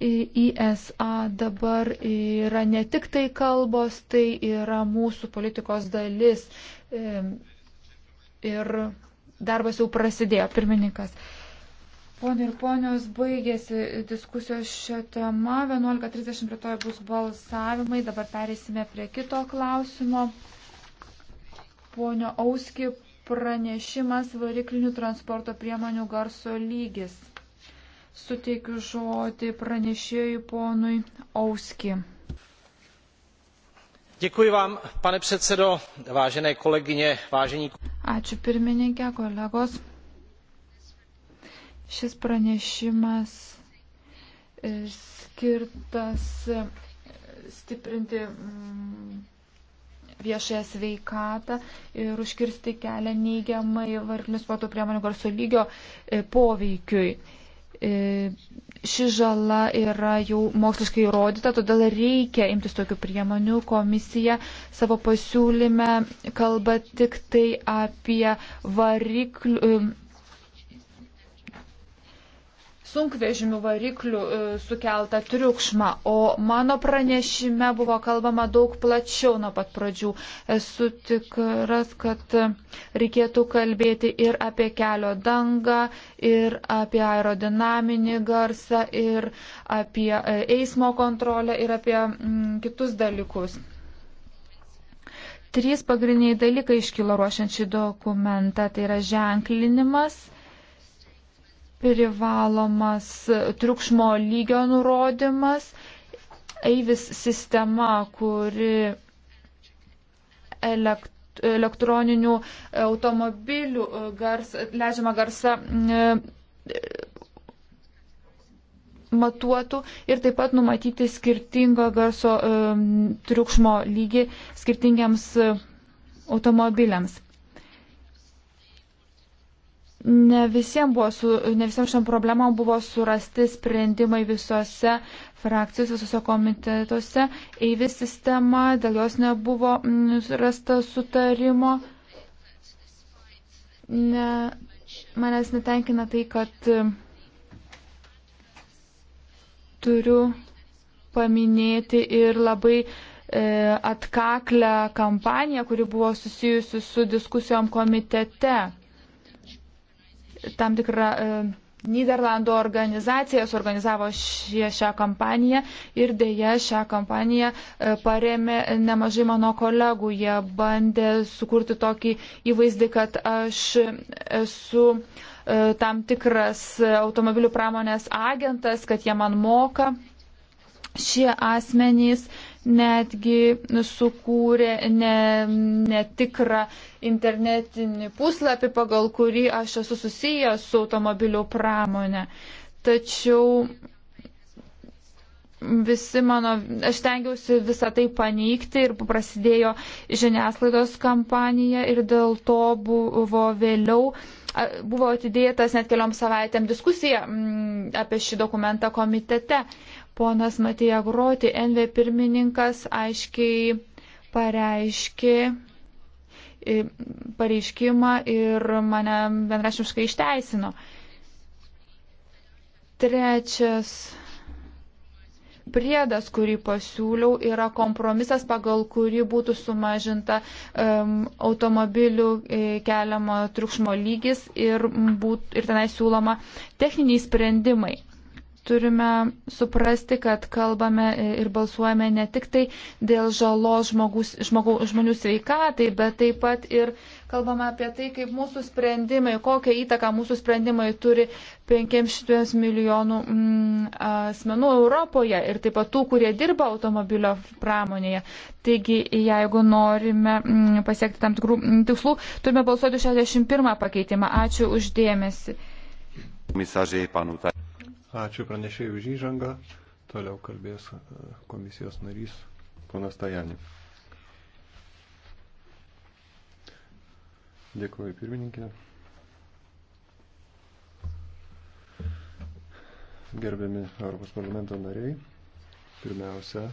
ISA e dabar yra ne tik tai kalbos, tai yra mūsų politikos dalis. Ir darbas jau prasidėjo, pirmininkas. Pone ir ponios, baigėsi diskusijos šią temą. 11.30 rytoj bus balsavimai. Dabar perėsime prie kito klausimo. Ponio Auski pranešimas variklinių transporto priemonių garso lygis suteikiu žodį pranešėjui ponui Auski. Děkuji vám, pane předsedo, vážené kolegyně, vážení. Ačiū pirmininkė, kolegos. Šis pranešimas e, skirtas e, stiprinti mm, viešąją sveikatą ir užkirsti kelią neigiamai vartinių sporto priemonių garso lygio e, poveikiui. E, ši žala yra jau moksliškai įrodyta, todėl reikia imtis tokių priemonių. Komisija savo pasiūlyme kalba tik tai apie variklių sunkvežimių variklių e, sukeltą triukšmą, o mano pranešime buvo kalbama daug plačiau nuo pat pradžių. Esu tikras, kad reikėtų kalbėti ir apie kelio dangą, ir apie aerodinaminį garsą, ir apie e, eismo kontrolę, ir apie mm, kitus dalykus. Trys pagrindiniai dalykai iškilo ruošiant šį dokumentą - tai yra ženklinimas, privalomas triukšmo lygio nurodymas, eivis sistema, kuri elektroninė elektroninių automobilių e, gars, leidžiamą garsą e, matuotų ir taip pat numatyti skirtingą garso e, triukšmo lygį skirtingiams automobiliams. Ne visiems buvo, su, ne visiems šiam problemam buvo surasti sprendimai visose frakcijose, visose komitetuose. Eivis sistema, dėl jos nebuvo mm, rasta sutarimo. Ne, manęs netenkina tai, kad turiu paminėti ir labai e, atkaklę kampaniją, kuri buvo susijusi su diskusijom komitete tam tikra e, Niderlandų organizacija suorganizavo šie, šią kampaniją ir dėja šią kampaniją e, paremė nemažai mano kolegų. Jie bandė sukurti tokį įvaizdį, kad aš esu e, tam tikras automobilių pramonės agentas, kad jie man moka. Šie asmenys netgi sukūrė ne, netikrą internetinį puslapį, pagal kurį aš esu susijęs su automobilių pramonė. Tačiau visi mano, aš tengiausi visą tai paneigti ir prasidėjo žiniasklaidos kampanija ir dėl to buvo vėliau, buvo atidėtas net keliom savaitėm diskusija mm, apie šį dokumentą komitete. Ponas Matija Groti, NV pirmininkas, aiškiai pareiškė pareiškimą ir mane vienrašiškai išteisino. Trečias priedas, kurį pasiūliau, yra kompromisas, pagal kurį būtų sumažinta um, automobilių e, keliamo triukšmo lygis ir, būt, ir tenai siūloma techniniai sprendimai turime suprasti, kad kalbame ir balsuojame ne tik tai dėl žalos žmogus, žmogų, žmonių sveikatai, bet taip pat ir kalbame apie tai, kaip mūsų sprendimai, kokią įtaką mūsų sprendimai turi 500 milijonų mm, asmenų Europoje ir taip pat tų, kurie dirba automobilio pramonėje. Taigi, jeigu norime mm, pasiekti tam tikrų mm, tikslų, turime balsuoti 61 pakeitimą. Ačiū uždėmesi. Komisaržė, panutai. Ačiū pranešėjai už įžangą. Toliau kalbės e, komisijos narys ponas Tajani. Dėkuoju pirmininkė. Gerbiami Europos parlamento nariai, pirmiausia,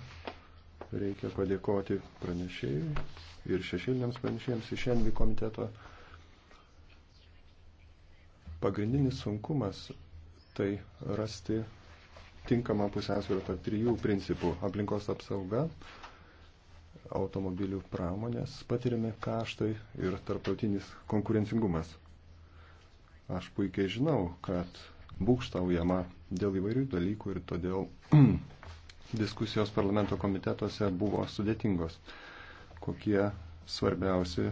reikia padėkoti pranešėjai ir šešėliniams pranešėjams iš Envi komiteto. Pagrindinis sunkumas tai rasti tinkamą pusiausvyrą tarp trijų principų - aplinkos apsauga, automobilių pramonės patiriami kaštai ir tarptautinis konkurencingumas. Aš puikiai žinau, kad būkštaujama dėl įvairių dalykų ir todėl diskusijos parlamento komitetuose buvo sudėtingos. Kokie svarbiausi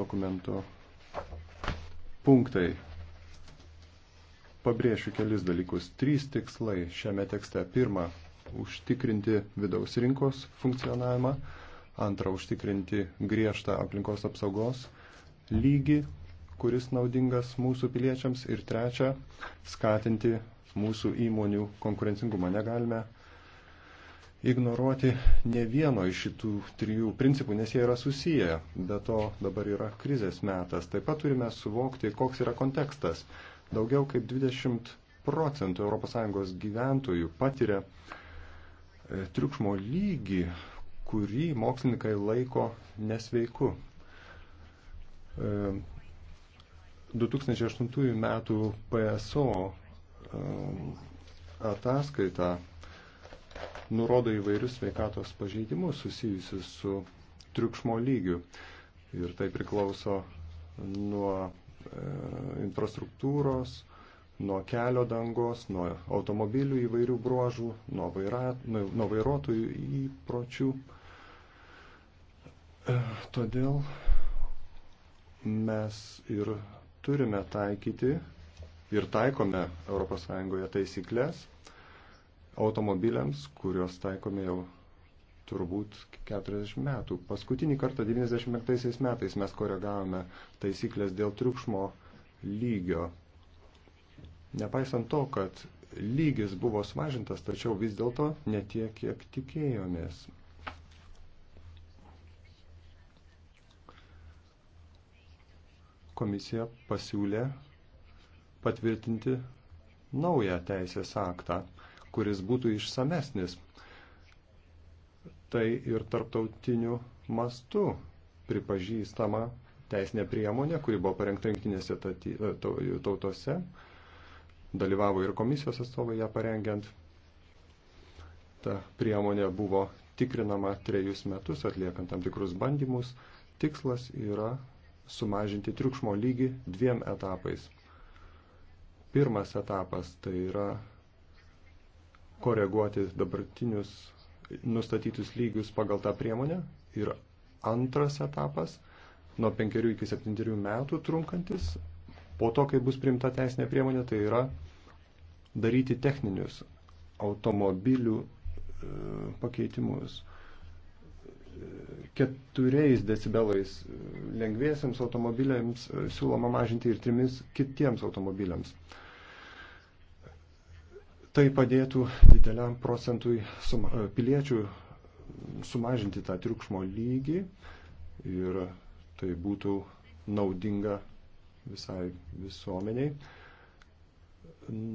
dokumento punktai pabrėšiu kelis dalykus. Trys tikslai šiame tekste. Pirma, užtikrinti vidaus rinkos funkcionavimą. Antra, užtikrinti griežtą aplinkos apsaugos lygį, kuris naudingas mūsų piliečiams. Ir trečia, skatinti mūsų įmonių konkurencingumą. Negalime ignoruoti ne vieno iš šitų trijų principų, nes jie yra susiję. Be to dabar yra krizės metas. Taip pat turime suvokti, koks yra kontekstas. Daugiau kaip 20 procentų ES gyventojų patiria e, triukšmo lygį, kurį mokslininkai laiko nesveiku. 2008 e, metų PSO e, ataskaita nurodo įvairius sveikatos pažeidimus susijusius su triukšmo lygiu. Ir tai priklauso nuo E, infrastruktūros, nuo kelio dangos, nuo automobilių įvairių bruožų, nuo, vaira, nuo, nuo vairuotojų įpročių. E, todėl mes ir turime taikyti ir taikome ES taisyklės automobiliams, kurios taikome jau turbūt 40 metų. Paskutinį kartą 95 metais mes koregavome taisyklės dėl triukšmo lygio. Nepaisant to, kad lygis buvo sumažintas, tačiau vis dėlto netiek, kiek tikėjomės. Komisija pasiūlė patvirtinti naują teisės aktą, kuris būtų išsamesnis tai ir tarptautiniu mastu pripažįstama teisinė priemonė, kuri buvo parengta jungtinėse e, tautose. Dalyvavo ir komisijos atstovai ją parengiant. Ta priemonė buvo tikrinama trejus metus, atliekant tam tikrus bandymus. Tikslas yra sumažinti triukšmo lygį dviem etapais. Pirmas etapas tai yra koreguoti dabartinius nustatytus lygius pagal tą priemonę. Ir antras etapas nuo 5 iki 7 metų trunkantis, po to, kai bus priimta teisinė priemonė, tai yra daryti techninius automobilių e, pakeitimus. E, keturiais decibelais e, lengviesiams automobiliams siūloma mažinti ir trimis kitiems automobiliams. Tai padėtų dideliam procentui suma, e, piliečių sumažinti tą triukšmo lygį ir tai būtų naudinga visai visuomeniai.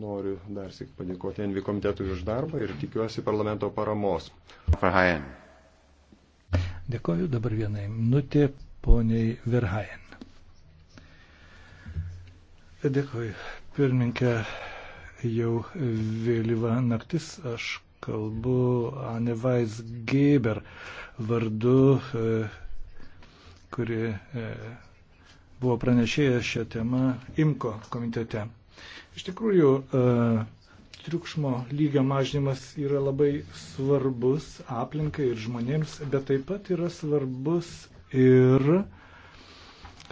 Noriu dar sik padėkoti Envi komitetui už darbą ir tikiuosi parlamento paramos. Dėkoju dabar vienai minutė poniai Verhaen. Dėkoju, pirmininkė jau vėlyva naktis, aš kalbu Anevais Geber vardu, e, kuri e, buvo pranešėję šią temą IMKO komitete. Iš tikrųjų, e, triukšmo lygio mažinimas yra labai svarbus aplinkai ir žmonėms, bet taip pat yra svarbus ir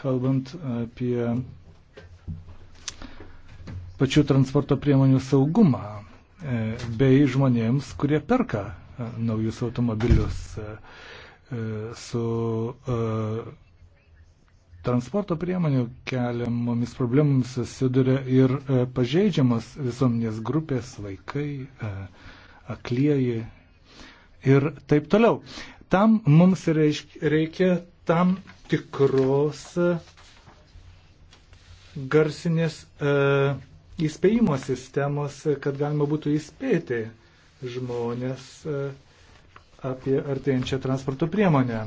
kalbant apie pačių transporto priemonių saugumą e, bei žmonėms, kurie perka e, naujus automobilius e, su transporto priemonių keliamomis problemomis susiduria ir pažeidžiamos visuomenės grupės, vaikai, aklieji ir taip toliau. Tam mums reikia tam tikros garsinės įspėjimo sistemos, kad galima būtų įspėti žmonės e, apie artėjančią transporto priemonę.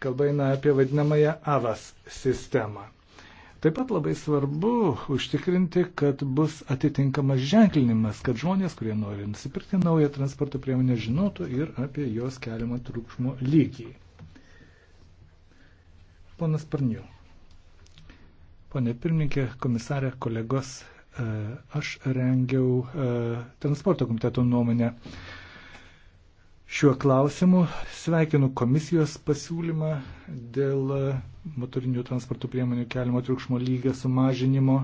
Kalba eina apie vadinamąją AVAS sistemą. Taip pat labai svarbu užtikrinti, kad bus atitinkamas ženklinimas, kad žmonės, kurie nori nusipirkti naują transporto priemonę, žinotų ir apie jos keliamą triukšmo lygį. Ponas Parniu. Pone pirmininkė, komisarė, kolegos, E, aš rengiau e, transporto komiteto nuomonę šiuo klausimu. Sveikinu komisijos pasiūlymą dėl e, motorinių transporto priemonių keliamo triukšmo lygio sumažinimo.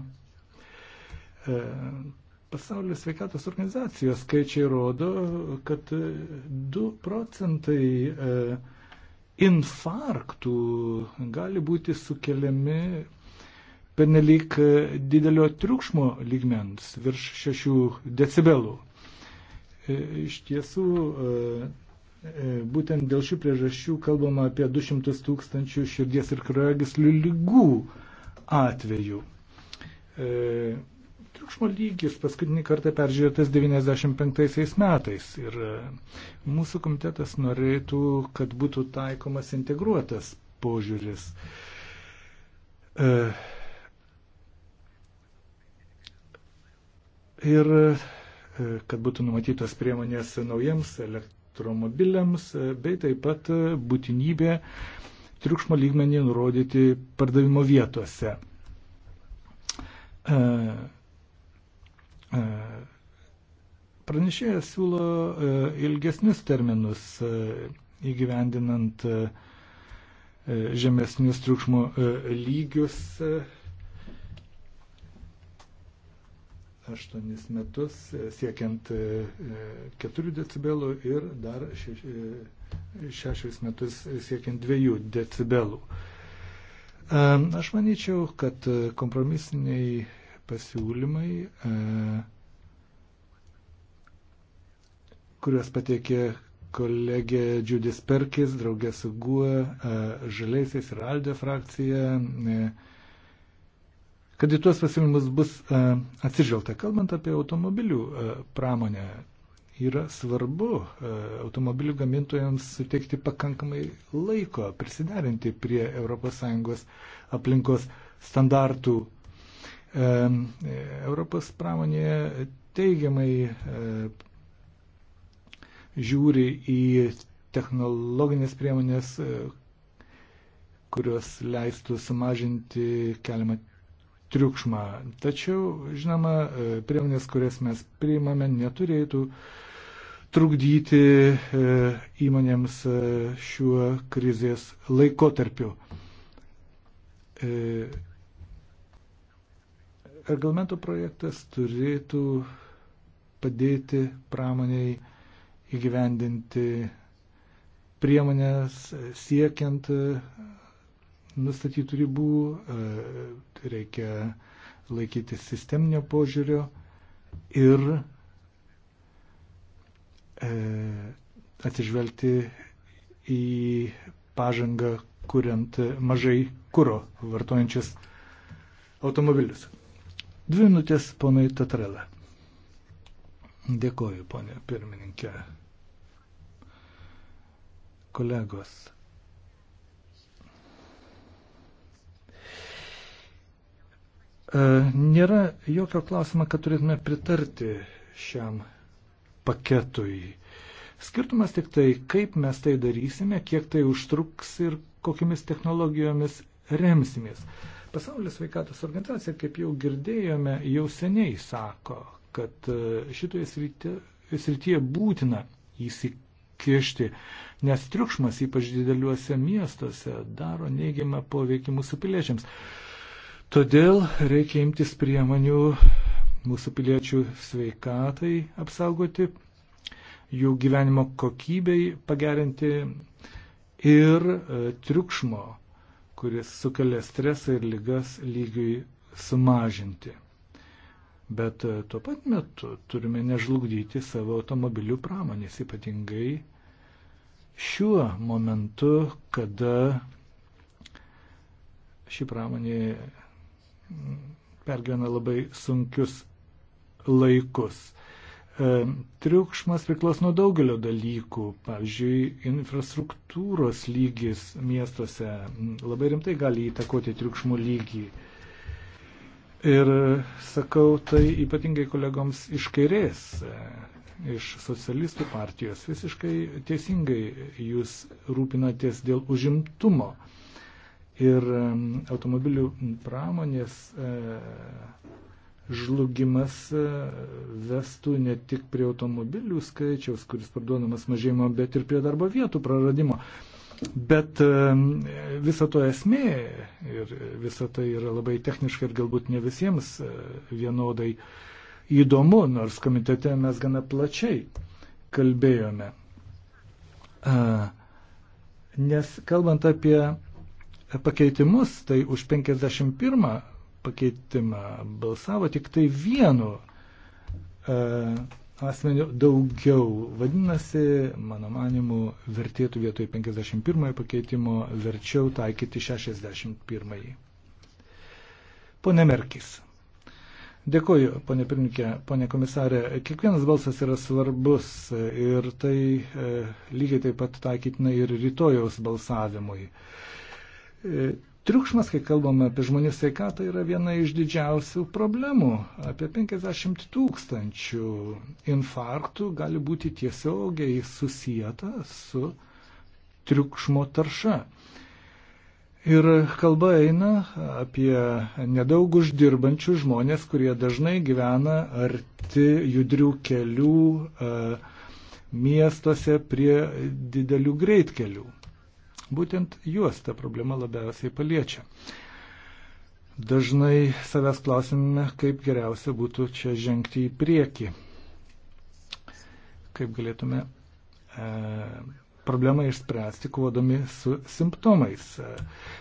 Pasaulio sveikatos organizacijos skaičiai rodo, kad 2 procentai infarktų gali būti sukeliami pernelyg e, didelio triukšmo lygmens virš 6 decibelų. E, iš tiesų, e, būtent dėl šių priežasčių kalbama apie 200 tūkstančių širdies ir kraujagyslių lygų atvejų. Triukšmo lygis paskutinį kartą peržiūrėtas 95 metais ir mūsų komitetas norėtų, kad būtų taikomas integruotas požiūris. Uh ir e, kad būtų numatytos priemonės naujiems elektromobiliams, e, bei taip pat e, būtinybė triukšmo lygmenį nurodyti pardavimo vietose. Pranešėjas siūlo ilgesnius terminus įgyvendinant žemesnius triukšmo lygius aštuonis metus e, siekiant 4 e, e, decibelų ir dar 6 metus siekiant 2 decibelų. Aš manyčiau, kad kompromisiniai pasiūlymai, kuriuos patiekė kolegė Judis Perkis, draugė su GUE, Žaliaisiais ir Aldė frakcija, kad į tuos pasiūlymus bus e, atsižvelgta. Kalbant apie automobilių e, pramonę, yra svarbu e, automobilių gamintojams suteikti pakankamai laiko prisiderinti prie ES aplinkos standartų. Europos pramonėje teigiamai žiūri į technologinės priemonės, kurios leistų sumažinti keliamą triukšmą. Tačiau, žinoma, e, priemonės, kurias mes priimame, neturėtų trukdyti e, įmonėms e, šiuo krizės laikotarpiu. Reglamento projektas turėtų padėti pramoniai įgyvendinti priemonės siekiant nustatytų ribų, e, tai reikia laikyti sisteminio požiūrio ir e, atsižvelgti į pažangą, kuriant mažai kūro vartojančius automobilius. Dvi minutės ponai Tatrela. Dėkoju, ponė pirmininkė. Kolegos. E, nėra jokio klausimo, kad turėtume pritarti šiam paketui. Skirtumas tik tai, kaip mes tai darysime, kiek tai užtruks ir kokiamis technologijomis remsimės. Pasaulio sveikatos organizacija, kaip jau girdėjome, jau seniai sako, kad e, šitoje srityje, srityje būtina įsikišti, nes triukšmas, ypač dideliuose miestuose, daro neigiamą poveikį mūsų piliečiams. Todėl reikia imtis priemonių mūsų piliečių sveikatai apsaugoti, jų gyvenimo kokybei pagerinti ir e, triukšmo, kuris sukelia stresą ir lygas lygiui sumažinti. Bet e, tuo pat metu turime nežlugdyti savo automobilių pramonės, ypatingai šiuo momentu, kada ši pramonė pergyvena labai sunkius laikus. E, triukšmas priklauso nuo daugelio dalykų. Pavyzdžiui, infrastruktūros lygis miestuose labai rimtai gali įtakoti triukšmo lygį. Ir sakau tai ypatingai kolegoms iš kairės, e, iš socialistų partijos. Visiškai teisingai jūs rūpinatės dėl užimtumo ir automobilių pramonės e, žlugimas e, vestų ne tik prie automobilių skaičiaus, kuris parduodamas mažėjimo, bet ir prie darbo vietų praradimo. Bet viso to esmė ir viso tai yra labai techniškai ir galbūt ne visiems e, vienodai įdomu, nors komitete mes gana plačiai kalbėjome. Nes kalbant apie pakeitimus, tai už 51 pakeitimą balsavo tik tai vienu e, asmeniu daugiau. Vadinasi, mano manimu, vertėtų vietoj 51 pakeitimo verčiau taikyti 61. Pone Merkis. Dėkuoju, ponė pirmininkė, ponė komisarė. Kiekvienas balsas yra svarbus ir tai e, lygiai taip pat taikytina ir rytojaus balsavimui. E, Triukšmas, kai kalbame apie žmonių sveikatą, yra viena iš didžiausių problemų. Apie 50 tūkstančių infarktų gali būti tiesiogiai susijęta su triukšmo tarša. Ir kalba eina apie nedaug uždirbančių žmonės, kurie dažnai gyvena arti judrių kelių, e, miestuose prie didelių greitkelių. Būtent juos ta problema labiausiai paliečia. Dažnai savęs klausime, kaip geriausia būtų čia žengti į priekį, kaip galėtume e, problemą išspręsti, kovodami su simptomais.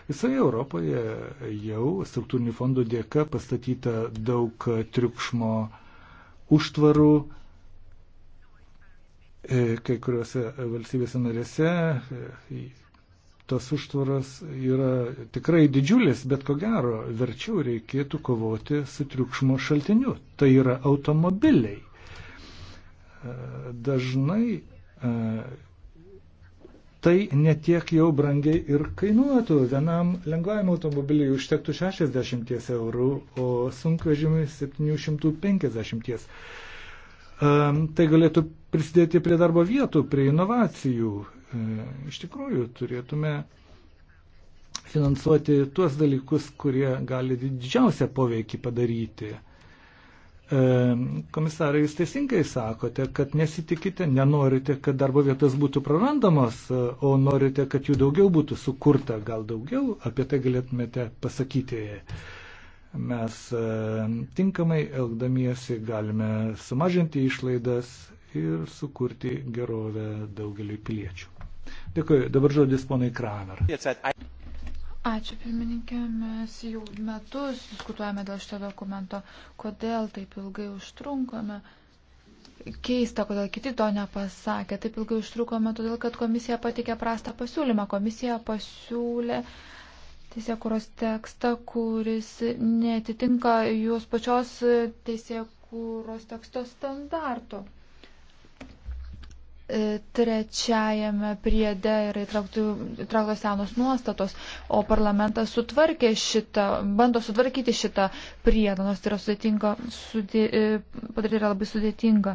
Visoje Europoje jau struktūrinių fondų dėka pastatyta daug triukšmo užtvarų, e, kai kuriuose valstybėse narėse tas užtvaras yra tikrai didžiulis, bet ko gero verčiau reikėtų kovoti su triukšmo šaltiniu. Tai yra automobiliai. E, dažnai e, tai netiek jau brangiai ir kainuotų. Vienam lengvajam automobiliui užtektų 60 eurų, o sunkvežimiui 750. E, tai galėtų prisidėti prie darbo vietų, prie inovacijų E, iš tikrųjų, turėtume finansuoti tuos dalykus, kurie gali didžiausią poveikį padaryti. E, komisarai, jūs teisingai sakote, kad nesitikite, nenorite, kad darbo vietos būtų prarandamos, e, o norite, kad jų daugiau būtų sukurta, gal daugiau, apie tai galėtumėte pasakyti. Mes tinkamai elgdamiesi galime sumažinti išlaidas ir sukurti gerovę daugeliu piliečių. Dėkuoju. Dabar žodis ponai Kramer. Ačiū, pirmininkė. Mes jau metus diskutuojame dėl šito dokumento. Kodėl taip ilgai užtrunkome? keista, kodėl kiti to nepasakė. Taip ilgai užtrukome, todėl kad komisija patikė prastą pasiūlymą. Komisija pasiūlė teisėkuros tekstą, kuris netitinka jos pačios teisėkuros teksto standarto. E, trečiajame priede yra įtrauktos senos nuostatos, o parlamentas sutvarkė šitą, bando sutvarkyti šitą priedą, nors tai yra sudėtinga, sudė, e, padaryti yra labai sudėtinga.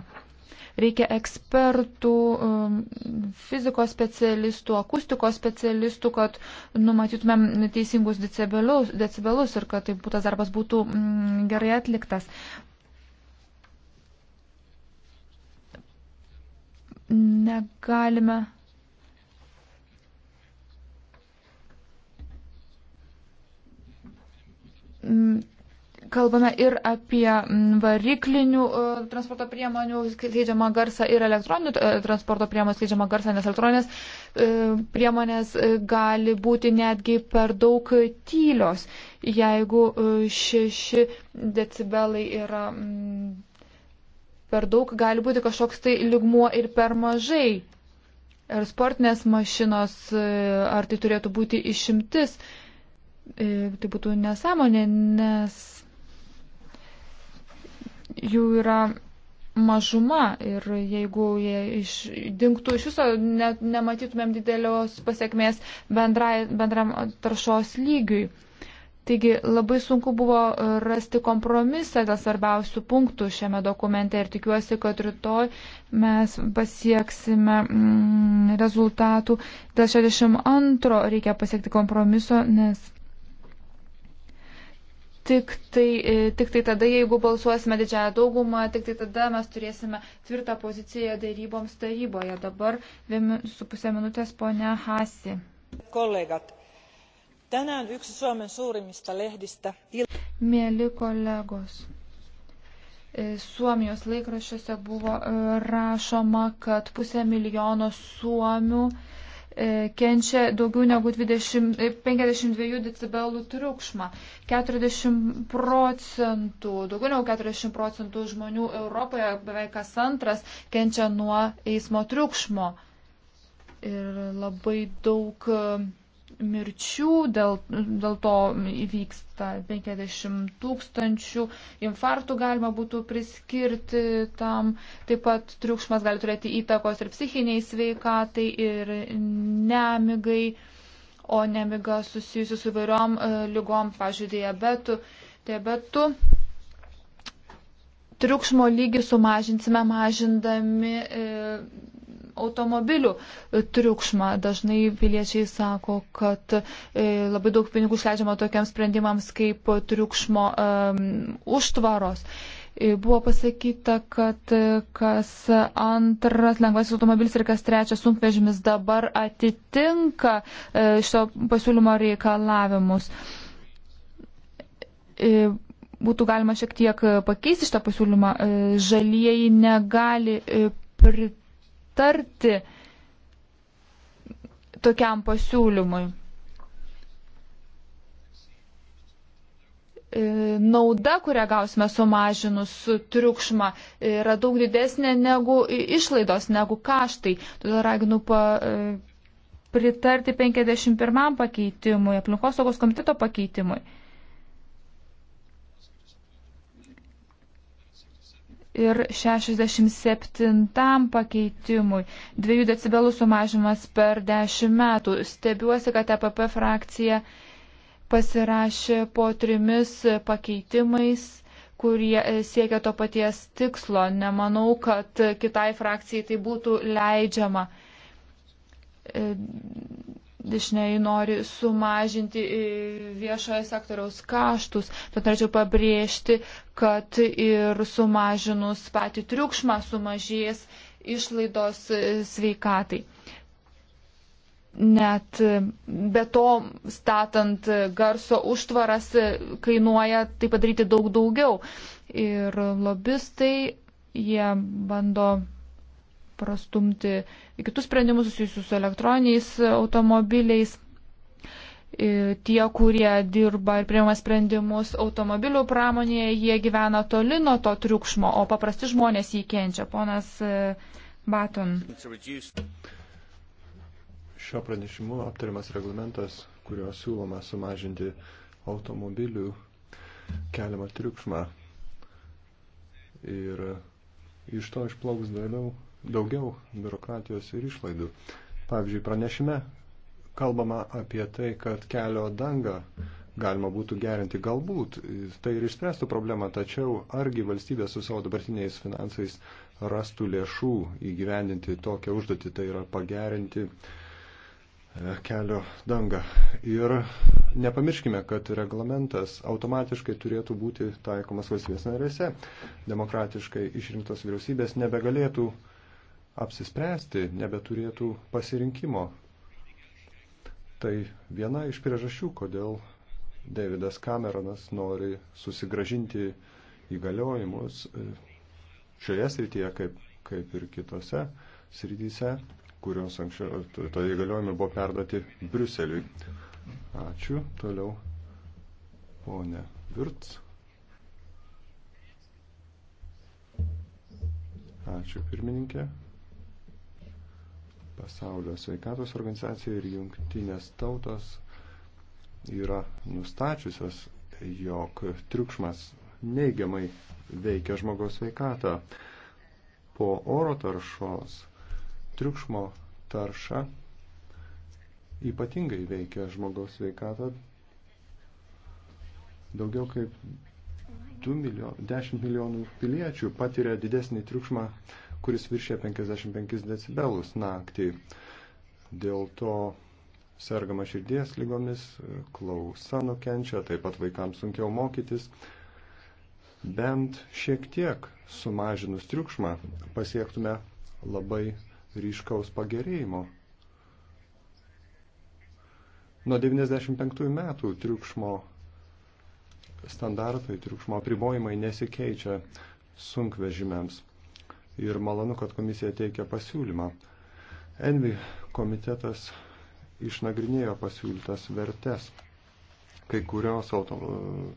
Reikia ekspertų, e, fizikos specialistų, akustikos specialistų, kad numatytumėm teisingus decibelus, decibelus ir kad tai būtas darbas būtų mm, gerai atliktas. negalime. Mm, kalbame ir apie mm, variklinių e, transporto priemonių skleidžiamą garsą ir elektroninių e, transporto priemonių skleidžiamą garsą, nes elektroninės e, priemonės gali būti netgi per daug tylios, jeigu šeši decibelai yra mm, per daug gali būti kažkoks tai ligmuo ir per mažai. Ir sportinės mašinos, e, ar tai turėtų būti išimtis, e, tai būtų nesąmonė, nes jų yra mažuma ir jeigu jie išdinktų iš viso, ne, nematytumėm didelios pasiekmės bendrai, bendram taršos lygiui. Taigi labai sunku buvo e, rasti kompromisą dėl svarbiausių punktų šiame dokumente ir tikiuosi, kad rytoj mes pasieksime mm, rezultatų. Dėl 62 reikia pasiekti kompromiso, nes tik tai, e, tik tai tada, jeigu balsuosime didžiąją daugumą, tik tai tada mes turėsime tvirtą poziciją daryboms taryboje. Dabar 2,5 minutės ponia Hasi. Kollegat, tänään yksi suomen suurimmista lehdistä mieli kolegos e, Suomijos laikraščiuose buvo e, rašoma, kad pusė milijono suomių e, kenčia daugiau negu 20, 52 decibelų triukšmą. 40 procentų, daugiau negu 40 procentų žmonių Europoje, beveik kas antras, kenčia nuo eismo triukšmo. Ir labai daug mirčių dėl, dėl to įvyksta 50 tūkstančių, infartų galima būtų priskirti tam, taip pat triukšmas gali turėti įtakos ir psichiniai sveikatai, ir nemigai, o nemiga susijusi su vairiom e, lygom, pavyzdžiui, diabetu. diabetu. Triukšmo lygį sumažinsime mažindami e, automobilių triukšmą. Dažnai piliečiai sako, kad e, labai daug pinigų išleidžiama tokiems sprendimams kaip triukšmo um, užtvaros. E, buvo pasakyta, kad e, kas antras lengvasis automobilis ir kas trečias sunkvežimis dabar atitinka šio pasiūlymo reikalavimus būtų galima šiek tiek pakeisti šitą pasiūlymą. Žalieji negali pritarti pritarti tokiam pasiūlymui. E, nauda, kurią gausime sumažinus triukšmą, yra daug didesnė negu išlaidos, negu kaštai. Todėl raginu pa, e, pritarti 51 pakeitimui, aplinkosaugos komiteto pakeitimui. ir 67 pakeitimui. 2 decibelų sumažimas per 10 metų. Stebiuosi, kad EPP frakcija pasirašė po trimis pakeitimais kurie e, siekia to paties tikslo. Nemanau, kad kitai frakcijai tai būtų leidžiama e, dešiniai nori sumažinti e, viešojo sektoriaus kaštus, bet norėčiau pabrėžti, kad ir sumažinus patį triukšmą sumažės išlaidos e, sveikatai. Net e, be to, statant garso užtvaras, kainuoja tai padaryti daug daugiau. Ir lobistai, jie bando prastumti kitus sprendimus susijusius su elektroniniais automobiliais. E, tie, kurie dirba ir priima sprendimus automobilių pramonėje, jie gyvena toli nuo to triukšmo, o paprasti žmonės jį kenčia. Ponas e, Baton. Šio pranešimu aptariamas reglamentas, kurio siūloma sumažinti automobilių keliamą triukšmą. Ir iš to išplauks vėliau daugiau biurokratijos ir išlaidų. Pavyzdžiui, pranešime kalbama apie tai, kad kelio dangą galima būtų gerinti galbūt. Tai ir išspręstų problemą, tačiau argi valstybė su savo dabartiniais finansais rastų lėšų įgyvendinti tokią užduotį, tai yra pagerinti e, kelio dangą. Ir nepamirškime, kad reglamentas automatiškai turėtų būti taikomas valstybės narėse. Demokratiškai išrinktos vyriausybės nebegalėtų uh, apsispręsti, nebeturėtų pasirinkimo. Tai viena iš priežasčių, kodėl Davidas Cameronas nori susigražinti įgaliojimus e, šioje srityje, kaip, kaip ir kitose srityse, kurios anksčiau to įgaliojimai buvo perduoti Briuseliui. Ačiū. Toliau ponė Virts. Ačiū pirmininkė. Pasaulio sveikatos organizacija ir jungtinės tautos yra nustačiusios, jog triukšmas neigiamai veikia žmogaus sveikatą. Po oro taršos triukšmo tarša ypatingai veikia žmogaus sveikatą. Daugiau kaip milijon, 10 milijonų piliečių patiria didesnį triukšmą kuris viršė 55 decibelus naktį. Dėl to sergama širdies lygomis, klausa nukenčia, taip pat vaikams sunkiau mokytis. Bent šiek tiek sumažinus triukšmą pasiektume labai ryškaus pagerėjimo. Nuo 95 metų triukšmo standartai, triukšmo apribojimai nesikeičia sunkvežimiams ir malonu, kad komisija teikia pasiūlymą. Envi komitetas išnagrinėjo pasiūlytas vertes. Kai kurios auto,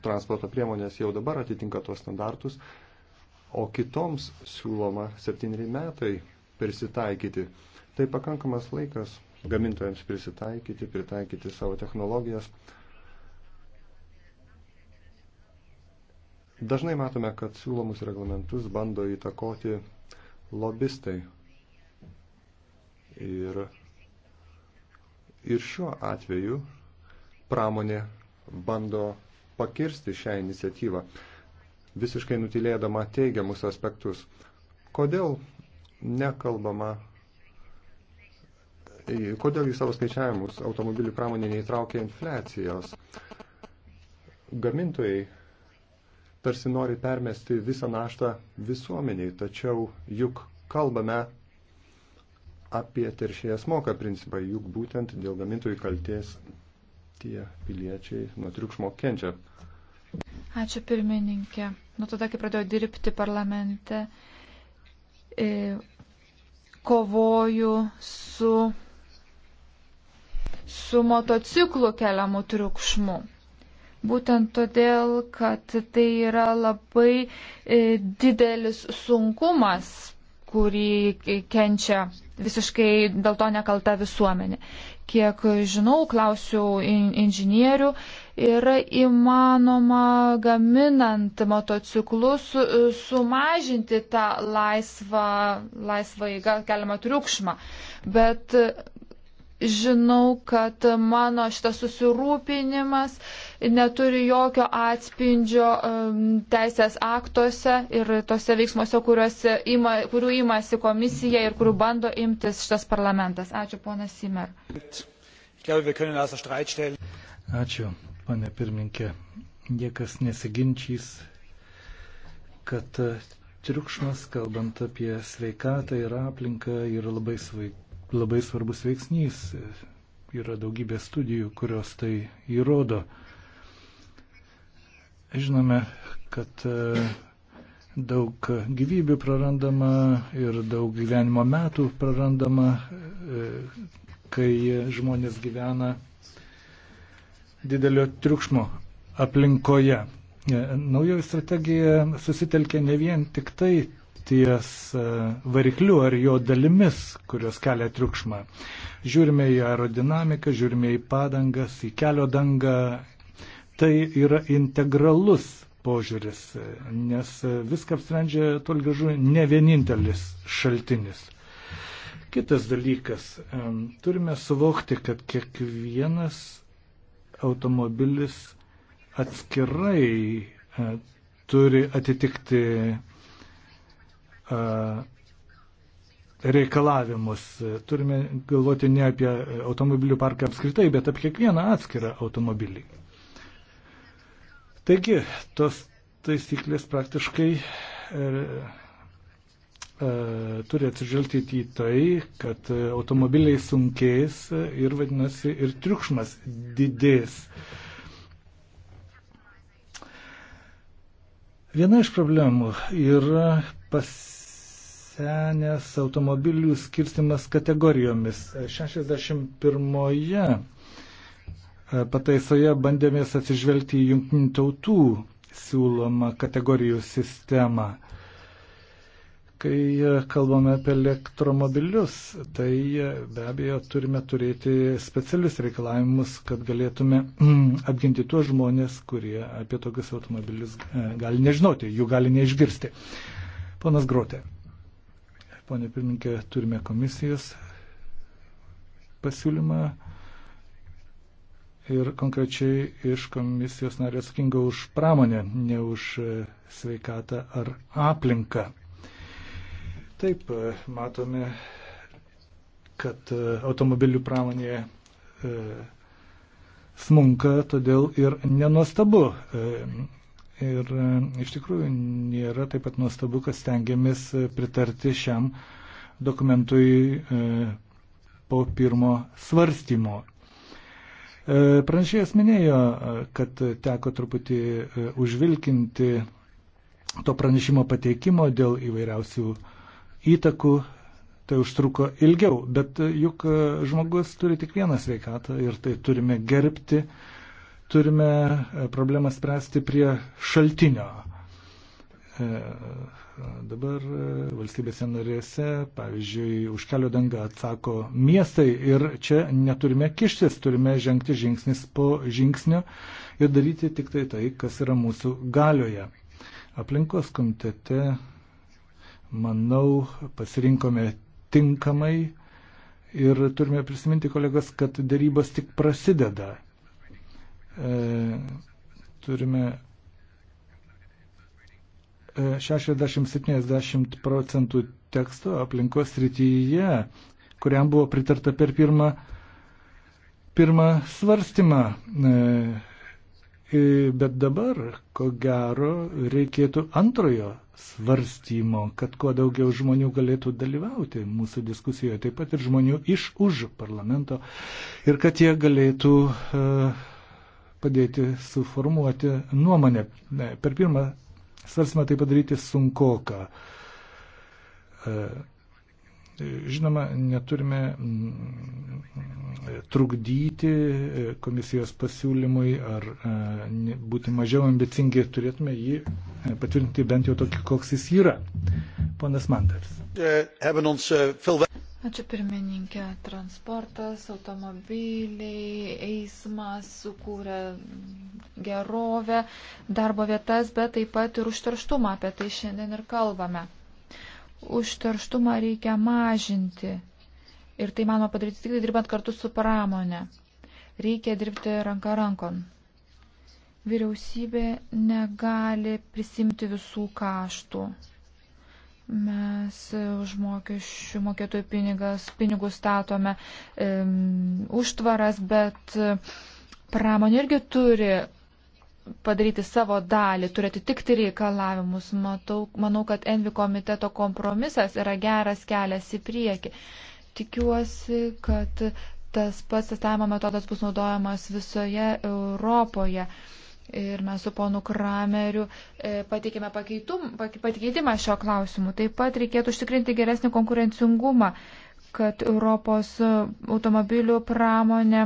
transporto priemonės jau dabar atitinka tuos standartus, o kitoms siūloma septyneri metai prisitaikyti. Tai pakankamas laikas gamintojams prisitaikyti, pritaikyti savo technologijas. Dažnai matome, kad siūlomus reglamentus bando įtakoti lobistai. Ir, ir šiuo atveju pramonė bando pakirsti šią iniciatyvą, visiškai nutilėdama teigiamus aspektus. Kodėl nekalbama, kodėl į savo skaičiavimus automobilių pramonė neįtraukia infliacijos? Gamintojai tarsi nori permesti visą naštą visuomeniai, tačiau juk kalbame apie teršėjas moka principą, juk būtent dėl gamintojų kalties tie piliečiai nuo triukšmo kenčia. Ačiū pirmininkė. Nuo tada, kai pradėjau dirbti parlamente, e, kovoju su, su motociklu keliamu triukšmu būtent todėl, kad tai yra labai e, didelis sunkumas, kurį kenčia visiškai dėl to nekalta visuomenė. Kiek žinau, klausiau inžinierių, yra įmanoma gaminant motociklus e, sumažinti tą laisvą, laisvą įgą keliamą triukšmą. Bet žinau, kad mano šitas susirūpinimas neturi jokio atspindžio um, teisės aktuose ir tose veiksmuose, ima, kurių imasi komisija ir kurių bando imtis šitas parlamentas. Ačiū, ponas Simer. Ačiū, pane pirminkė. Niekas nesiginčys, kad uh, triukšmas, kalbant apie sveikatą ir aplinką, yra labai svaigus labai svarbus veiksnys. Yra daugybė studijų, kurios tai įrodo. Žinome, kad e, daug gyvybių prarandama ir daug gyvenimo metų prarandama, e, kai žmonės gyvena didelio triukšmo aplinkoje. E, naujoji strategija susitelkė ne vien tik tai ties e, varikliu ar jo dalimis, kurios kelia triukšmą. Žiūrime į aerodinamiką, žiūrime į padangas, į kelio dangą. Tai yra integralus požiūris, e, nes e, viską apsprendžia tol gražu ne vienintelis šaltinis. Kitas dalykas, turime suvokti, kad kiekvienas automobilis atskirai turi atitikti E, reikalavimus. Turime galvoti ne apie automobilių parką apskritai, bet apie kiekvieną atskirą automobilį. Taigi, tos taisyklės praktiškai e, e, turi atsižvelgti į tai, kad automobiliai sunkės ir vadinasi ir triukšmas didės. Viena iš problemų yra pas pasenęs automobilių skirstimas kategorijomis. 61-oje e, pataisoje bandėmės atsižvelgti į jungtinių tautų siūlomą kategorijų sistemą. Kai e, kalbame apie elektromobilius, tai e, be abejo turime turėti specialius reikalavimus, kad galėtume mm, apginti tuos žmonės, kurie apie tokius automobilius gali nežinoti, jų gali neišgirsti. Ponas Grotė. Pone pirminkė, turime komisijos pasiūlymą ir konkrečiai iš komisijos nario atsakingo už pramonę, ne už e, sveikatą ar aplinką. Taip, e, matome, kad e, automobilių pramonėje smunka, todėl ir nenuostabu. Ir e, iš tikrųjų nėra taip pat nuostabu, kad stengiamės e, pritarti šiam dokumentui e, po pirmo svarstymo. Pranešėjas minėjo, kad teko truputį užvilkinti to pranešimo pateikimo dėl įvairiausių įtakų, tai užtruko ilgiau, bet juk žmogus turi tik vieną sveikatą ir tai turime gerbti turime e, problemą spręsti prie šaltinio. E, dabar e, valstybėse narėse, pavyzdžiui, už kelio dangą atsako miestai ir čia neturime kištis, turime žengti žingsnis po žingsnio ir daryti tik tai tai, kas yra mūsų galioje. Aplinkos komitete, manau, pasirinkome tinkamai ir turime prisiminti kolegas, kad darybos tik prasideda E, turime 60-70 e, procentų teksto aplinkos srityje, kuriam buvo pritarta per pirmą, pirmą svarstymą. E, bet dabar, ko gero, reikėtų antrojo svarstymo, kad kuo daugiau žmonių galėtų dalyvauti mūsų diskusijoje, taip pat ir žmonių iš už parlamento, ir kad jie galėtų uh, padėti suformuoti nuomonę. Per pirmą svarstymą tai padaryti sunkoka. E, žinoma, neturime mm, trukdyti e, komisijos pasiūlymui ar e, būti mažiau ambicingi, turėtume jį patvirtinti bent jau tokį, koks jis yra. Ponas Manders. Ačiū pirmininkė. Transportas, automobiliai, eismas sukūrė gerovę, darbo vietas, bet taip pat ir užterštumą. Apie tai šiandien ir kalbame. Užterštumą reikia mažinti. Ir tai manoma padaryti tik tai dirbant kartu su pramonė. Reikia dirbti ranka rankon. Vyriausybė negali prisimti visų kaštų. Mes už mokesčių mokėtojų pinigas, pinigus statome um, užtvaras, bet e, pramonė irgi turi padaryti savo dalį, turi atitikti reikalavimus. Matau, manau, kad Envi komiteto kompromisas yra geras kelias į priekį. Tikiuosi, kad tas pats testavimo metodas bus naudojamas visoje Europoje. Uh, Ir mes su ponu Krameriu e, pateikėme pakeitimą šio klausimu. Taip pat reikėtų užtikrinti geresnį konkurencingumą, kad Europos automobilių pramonė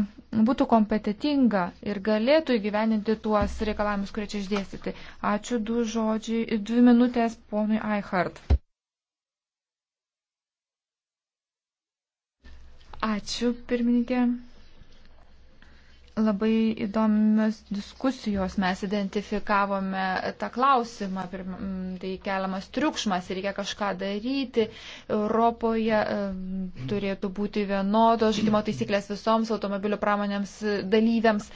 būtų kompetitinga ir galėtų įgyveninti tuos reikalavimus, kurie čia išdėstyti. Ačiū du žodžiai ir dvi minutės ponui Eichardt. Ačiū, pirmininkė. Labai įdomios diskusijos mes identifikavome tą klausimą, tai keliamas triukšmas, reikia kažką daryti. Europoje turėtų būti vienodos žaidimo taisyklės visoms automobilių pramonėms dalyviams.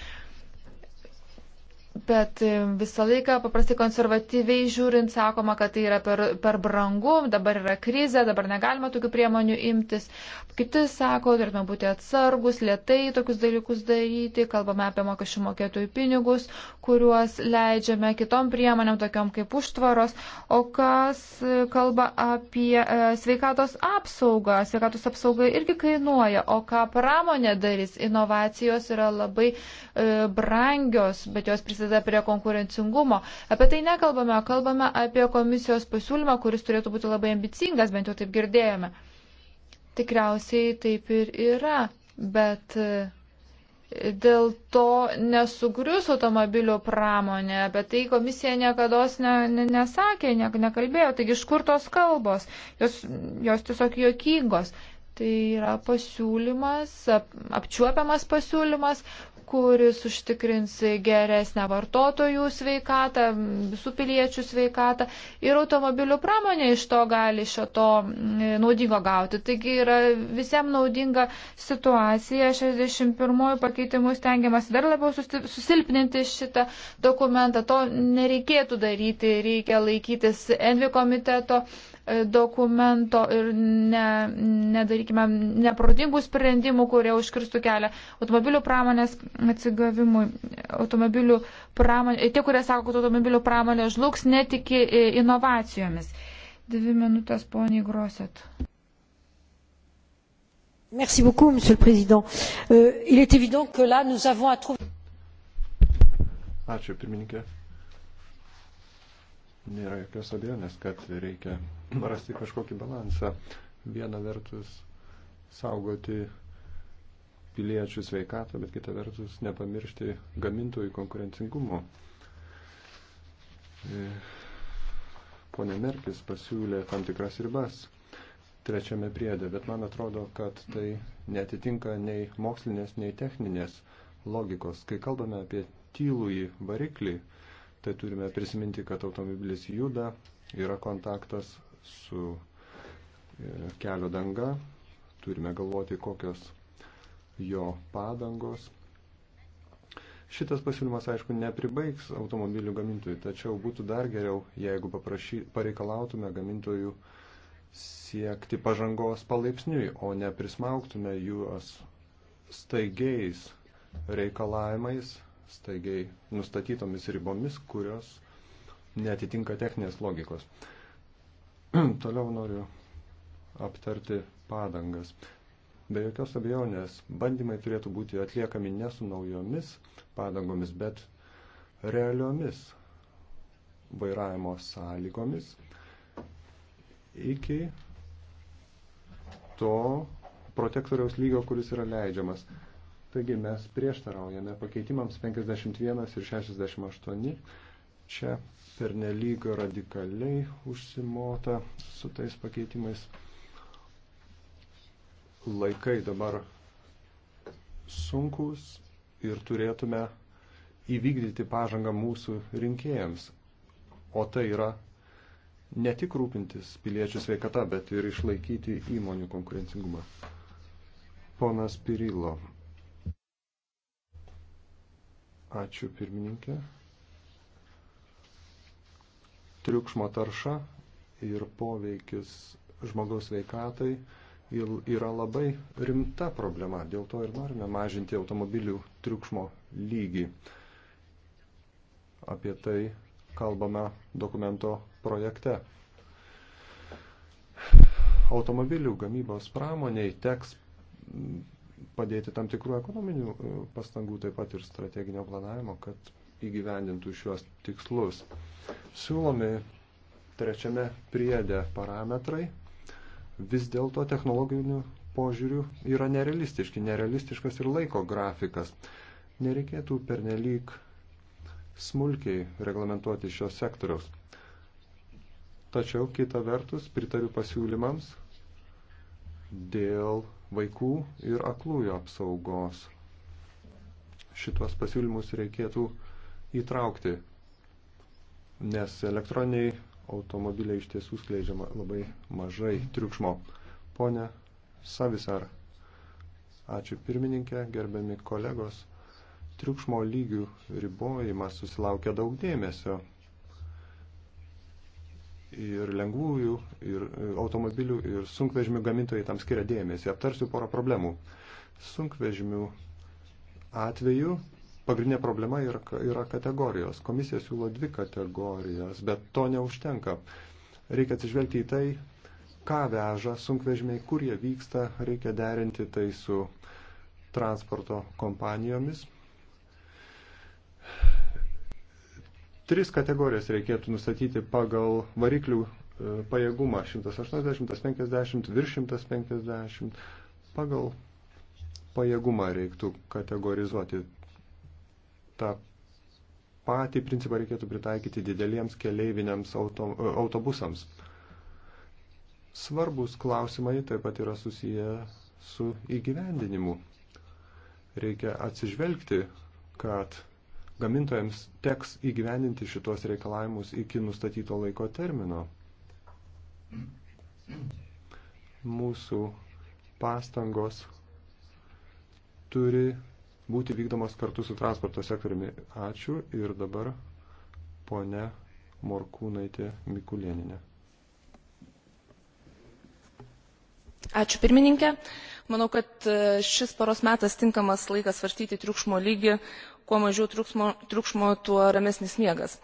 Bet e, visą laiką paprastai konservatyviai žiūrint sakoma, kad tai yra per, per brangu, dabar yra krizė, dabar negalima tokių priemonių imtis. Kiti sako, turėtume būti atsargus, lietai tokius dalykus daryti, kalbame apie mokesčių mokėtojų pinigus, kuriuos leidžiame kitom priemonėm, tokiom kaip užtvaros. O kas e, kalba apie e, sveikatos apsaugą, sveikatos apsauga irgi kainuoja, o ką pramonė darys, inovacijos yra labai brangios, bet jos prisideda prisideda prie konkurencingumo. Apie tai nekalbame, kalbame apie komisijos pasiūlymą, kuris turėtų būti labai ambicingas, bent jau taip girdėjome. Tikriausiai taip ir yra, bet e, dėl to nesugrius automobilių pramonė, apie tai komisija niekada ne, ne, nesakė, ne, nekalbėjo, taigi iš kur tos kalbos, jos, jos tiesiog juokingos. Tai yra pasiūlymas, ap, apčiuopiamas pasiūlymas, kuris užtikrins geresnę vartotojų sveikatą, visų piliečių sveikatą ir automobilių pramonė iš to gali šio to mm, naudingo gauti. Taigi yra visiems naudinga situacija. 61 pakeitimus tengiamas dar labiau susilpninti šitą dokumentą. To nereikėtų daryti, reikia laikytis Envi komiteto dokumento ir ne, nedarykime neprotingų sprendimų, kurie užkirstų kelią automobilių pramonės atsigavimui. Automobilių pramonė, tie, kurie sako, kad automobilių pramonė žlugs, netiki e, inovacijomis. Dvi minutės, poniai Groset. Merci beaucoup, Monsieur le Président. Euh, il est évident que là, nous avons à trouver. Ačiū, pirmininkė nėra jokios abejonės, kad reikia rasti kažkokį balansą. Viena vertus saugoti piliečių sveikatą, bet kita vertus nepamiršti gamintojų konkurencingumo. E, Pone Merkis pasiūlė tam tikras ribas trečiame priedė, bet man atrodo, kad tai netitinka nei mokslinės, nei techninės logikos. Kai kalbame apie tylųjį variklį, tai turime prisiminti, kad automobilis juda, yra kontaktas su e, kelio danga, turime galvoti, kokios jo padangos. Šitas pasiūlymas, aišku, nepribaigs automobilių gamintojų, tačiau būtų dar geriau, jeigu paprašy, pareikalautume gamintojų siekti pažangos palaipsniui, o ne prismauktume juos staigiais reikalavimais staigiai nustatytomis ribomis, kurios netitinka techninės logikos. Toliau noriu aptarti padangas. Be jokios abejonės, bandymai turėtų būti atliekami ne su naujomis padangomis, bet realiomis vairavimo sąlygomis iki to protektoriaus lygio, kuris yra leidžiamas. Taigi mes prieštaraujame pakeitimams 51 ir 68. Čia pernelyg radikaliai užsimota su tais pakeitimais. Laikai dabar sunkus ir turėtume įvykdyti pažangą mūsų rinkėjams. O tai yra ne tik rūpintis piliečių sveikata, bet ir išlaikyti įmonių konkurencingumą. Ponas Pirilo. Ačiū pirmininkė. Triukšmo tarša ir poveikis žmogaus veikatai yra labai rimta problema. Dėl to ir norime mažinti automobilių triukšmo lygį. Apie tai kalbame dokumento projekte. Automobilių gamybos pramoniai teks padėti tam tikrų ekonominių e, pastangų, taip pat ir strateginio planavimo, kad įgyvendintų šiuos tikslus. Siūlomi trečiame priedė parametrai vis dėlto technologinių požiūrių yra nerealistiški, nerealistiškas ir laiko grafikas. Nereikėtų pernelyg smulkiai reglamentuoti šios sektoriaus. Tačiau kita vertus pritariu pasiūlymams dėl vaikų ir aklųjų apsaugos. Šitos pasiūlymus reikėtų įtraukti, nes elektroniniai automobiliai iš tiesų skleidžiama labai mažai triukšmo. Pone Savisar, ačiū pirmininkė, gerbiami kolegos. Triukšmo lygių ribojimas susilaukia daug dėmesio ir lengvųjų, ir e, automobilių, ir sunkvežimių gamintojai tam skiria dėmesį. Aptarsiu porą problemų. Sunkvežimių atveju pagrindinė problema yra, yra kategorijos. Komisija siūlo dvi kategorijas, bet to neužtenka. Reikia atsižvelgti į tai, ką veža sunkvežimiai, kur jie vyksta, reikia derinti tai su transporto kompanijomis Tris kategorijas reikėtų nustatyti pagal variklių e, pajėgumą 180, 150, virš 150. Pagal pajėgumą reiktų kategorizuoti. Ta patį principą reikėtų pritaikyti dideliems keleiviniams auto, e, autobusams. Svarbus klausimai taip pat yra susiję su įgyvendinimu. Reikia atsižvelgti, kad gamintojams teks įgyvendinti šitos reikalavimus iki nustatyto laiko termino. Mūsų pastangos turi būti vykdomos kartu su transporto sektoriumi. Ačiū ir dabar ponia Morkūnaitė Mikulėninė. Ačiū pirmininkė. Manau, kad e, šis paros metas tinkamas laikas svarstyti triukšmo lygį kuo mažiau triukšmo, triukšmo tuo ramesnis miegas.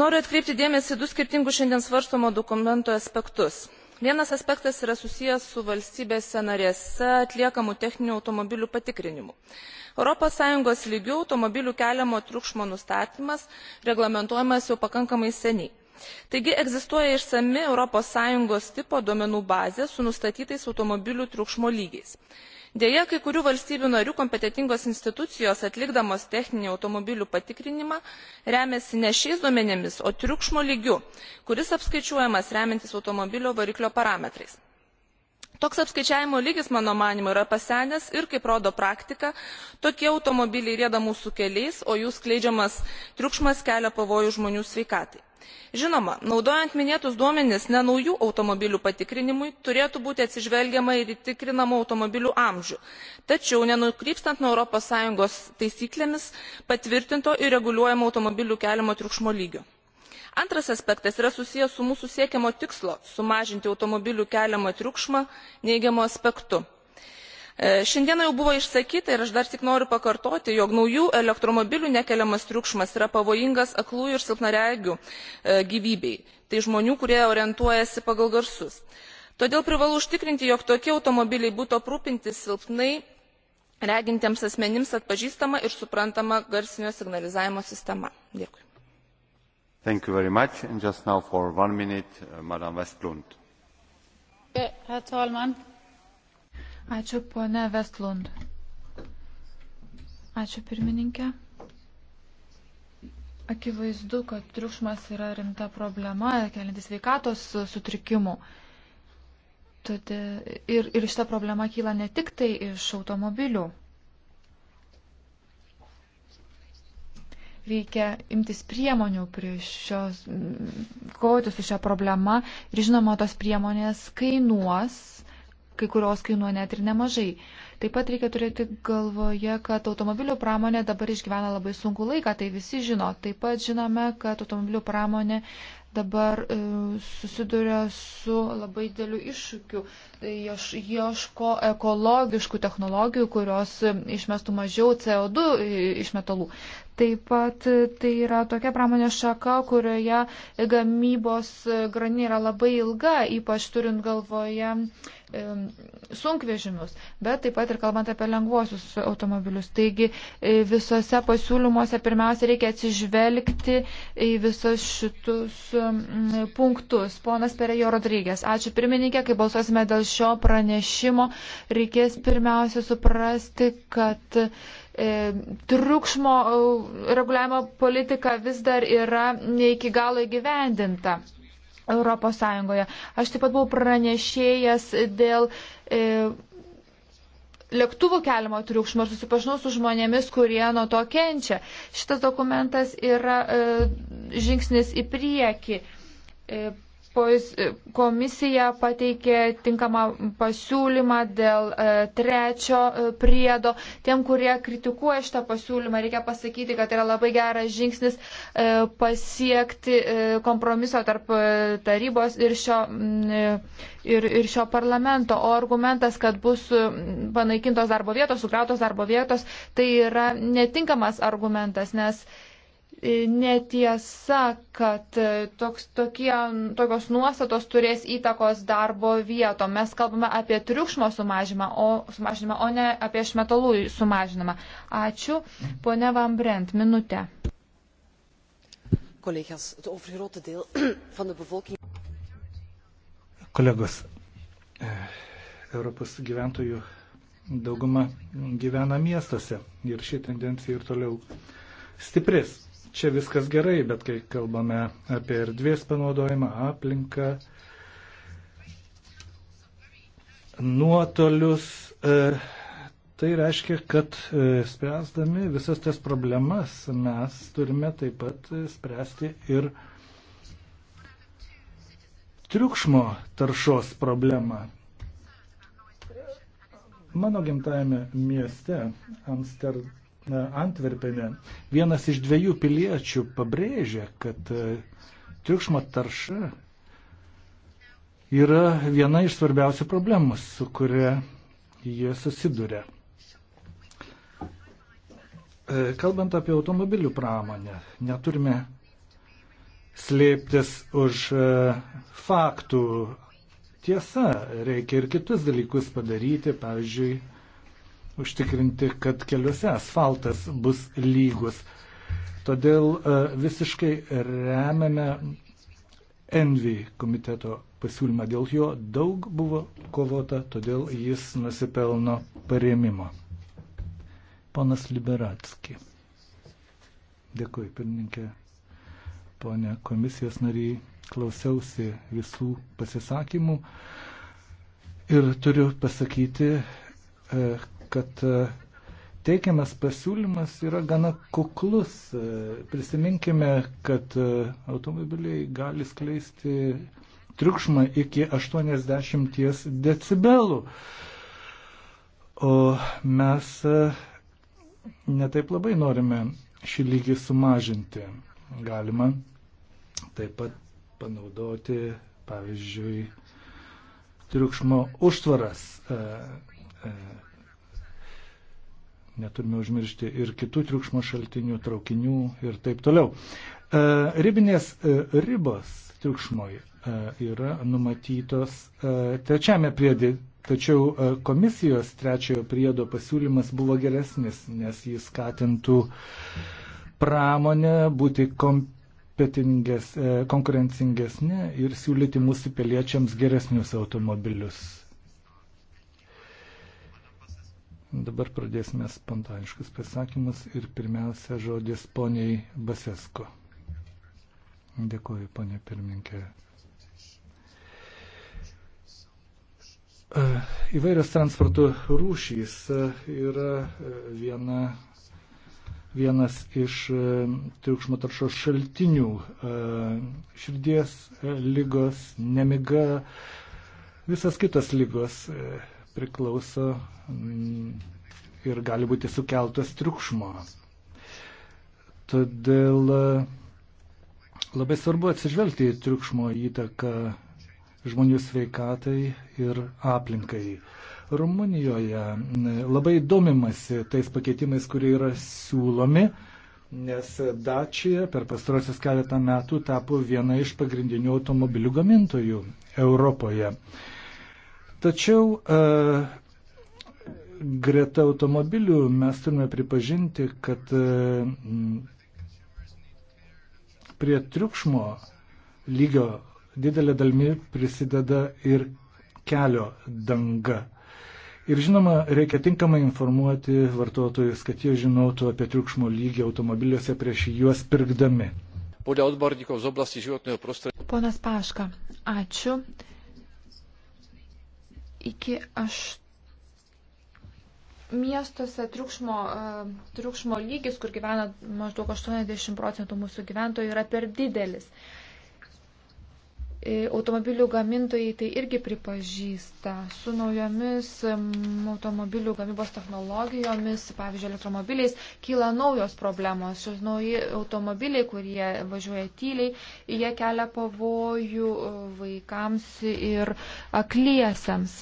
Noriu atkreipti dėmesį du skirtingus šiandien svarstomo dokumento aspektus. Vienas aspektas yra susijęs su valstybėse narėse atliekamų techninių automobilių patikrinimu. ES lygių automobilių keliamo triukšmo nustatymas reglamentuojamas jau pakankamai seniai. Taigi egzistuoja išsami ES tipo duomenų bazė su nustatytais automobilių triukšmo lygiais deja kai kurių valstybių narių kompetentingos institucijos atlikdamos techninį automobilių patikrinimą remiasi ne šiais duomenimis o triukšmo lygiu kuris apskaičiuojamas remiantis automobilio variklio parametrais. toks apskaičiavimo lygis mano manymu yra pasenęs ir kaip rodo praktika tokie automobiliai rieda mūsų keliais o jų skleidžiamas triukšmas kelia pavojų žmonių sveikatai žinoma naudojant minėtus duomenis nenaujų automobilių patikrinimui turėtų būti atsižvelgiama ir į tikrinamų automobilių amžių tačiau nenukrypstant nuo europos sąjungos taisyklėmis patvirtinto ir reguliuojamo automobilių keliamo triukšmo lygio. antras aspektas yra susijęs su mūsų siekiamo tikslo sumažinti automobilių keliamą triukšmą neigiamu aspektu. E, šiandieną jau buvo išsakyta ir aš dar tik noriu pakartoti jog naujų elektromobilių nekeliamas triukšmas yra pavojingas aklųjų ir silpnaregių e, gyvybei tai žmonių kurie orientuojasi pagal garsus. todėl privalu užtikrinti jog tokie automobiliai būtų aprūpinti silpnai regintiems asmenims atpažįstama ir suprantama garsinio signalizavimo sistema. Dėkui. Thank you very much. And just now for one minute, uh, Madam Westlund. Herr talman! Ačiū, ponė Vestlund. Ačiū, pirmininkė. Akivaizdu, kad triukšmas yra rimta problema, keliantis veikatos sutrikimų. Todėl ir, ir šita problema kyla ne tik tai iš automobilių. Reikia imtis priemonių prieš šios, kovoti su šią problemą ir žinoma, tos priemonės kainuos kai kurios kainuoja net ir nemažai. Taip pat reikia turėti galvoje, kad automobilių pramonė dabar išgyvena labai sunku laiką, tai visi žino. Taip pat žinome, kad automobilių pramonė dabar e, susiduria su labai dėliu iššūkiu. Ieš, tai ieško ekologiškų technologijų, kurios išmestų mažiau CO2 išmetalų. Taip pat e, tai yra tokia pramonės šaka, kurioje gamybos e, granė yra labai ilga, ypač turint galvoje sunkvežimius, bet taip pat ir kalbant apie lengvuosius automobilius. Taigi e, visose pasiūlymuose pirmiausia reikia atsižvelgti į visus šitus punktus. Ponas Perejo Rodrygės, ačiū pirmininkė, kai balsuosime dėl šio pranešimo, reikės pirmiausia suprasti, kad e, triukšmo e, reguliavimo politika vis dar yra ne iki galo įgyvendinta. Europos Sąjungoje. Aš taip pat buvau pranešėjęs dėl e, lėktuvų keliamo triukšmo ir susipažinau su žmonėmis, kurie nuo to kenčia. Šitas dokumentas yra e, žingsnis į priekį. E, komisija pateikė tinkamą pasiūlymą dėl e, trečio e, priedo. Tiem, kurie kritikuoja šitą pasiūlymą, reikia pasakyti, kad yra labai geras žingsnis e, pasiekti kompromiso tarp tarybos ir šio, ir, ir šio parlamento. O argumentas, kad bus panaikintos darbo vietos, sukrautos darbo vietos, tai yra netinkamas argumentas, nes netiesa, kad toks, tokie, tokios nuostatos turės įtakos darbo vieto. Mes kalbame apie triukšmo sumažinimą, o, sumažinimą, o ne apie šmetalų sumažinimą. Ačiū. Pone Vambrent, minutė. Kolegos, eh, Europos gyventojų dauguma gyvena miestuose ir ši tendencija ir toliau stiprės čia viskas gerai, bet kai kalbame apie erdvės panaudojimą, aplinką, nuotolius, e, tai reiškia, kad e, spręsdami visas tas problemas mes turime taip pat e, spręsti ir triukšmo taršos problemą. Mano gimtajame mieste Amsterdame Antverpene vienas iš dviejų piliečių pabrėžė, kad e, triukšmo tarša yra viena iš svarbiausių problemų, su kuria jie susiduria. E, kalbant apie automobilių pramonę, neturime slėptis už e, faktų. Tiesa, reikia ir kitus dalykus padaryti, pavyzdžiui, užtikrinti, kad keliuose asfaltas bus lygus. Todėl e, visiškai remiame Envy komiteto pasiūlymą. Dėl jo daug buvo kovota, todėl jis nusipelno paremimo. Ponas Liberatski. Dėkui, pirmininkė. Pone komisijos nariai, klausiausi visų pasisakymų ir turiu pasakyti, e, kad e, teikiamas pasiūlymas yra gana kuklus. E, prisiminkime, kad e, automobiliai gali skleisti triukšmą iki 80 decibelų. O mes netaip labai norime šį lygį sumažinti. Galima taip pat panaudoti, pavyzdžiui, triukšmo užtvaras Neturime užmiršti ir kitų triukšmo šaltinių, traukinių ir taip toliau. E, ribinės e, ribos triukšmoj e, yra numatytos trečiame priedė, tačiau komisijos trečiojo priedo pasiūlymas buvo geresnis, nes jis skatintų pramonę būti kompetingesnė, konkurencingesnė ir siūlyti mūsų piliečiams geresnius automobilius. Dabar pradėsime spontaniškus pasakymus ir pirmiausia žodis poniai Basesko. Dėkuoju, ponė pirminkė. E, įvairios transporto rūšys e, yra e, viena, vienas iš triukšmo taršos šaltinių. Širdies lygos, nemiga, visas kitas lygos priklauso mm, ir gali būti sukeltas triukšmo. Todėl e, labai svarbu atsižvelgti į triukšmo įtaką žmonių sveikatai ir aplinkai. Rumunijoje mm, labai domimasi tais pakeitimais, kurie yra siūlomi, nes Dačija per pastarosius keletą metų tapo viena iš pagrindinių automobilių gamintojų Europoje. Tačiau e, greta automobilių mes turime pripažinti, kad e, prie triukšmo lygio didelė dalmi prisideda ir kelio danga. Ir žinoma, reikia tinkamai informuoti vartotojus, kad jie žinotų apie triukšmo lygį automobiliuose prieš juos pirkdami. Ponas Paška, ačiū iki 8 miestuose triukšmo, e, triukšmo lygis, kur gyvena maždaug 80 procentų mūsų gyventojų, yra per didelis. E, automobilių gamintojai tai irgi pripažįsta. Su naujomis automobilių gamybos technologijomis, pavyzdžiui, elektromobiliais, kyla naujos problemos. Šios nauji automobiliai, kurie važiuoja tyliai, jie kelia pavojų e, vaikams ir akliesiams.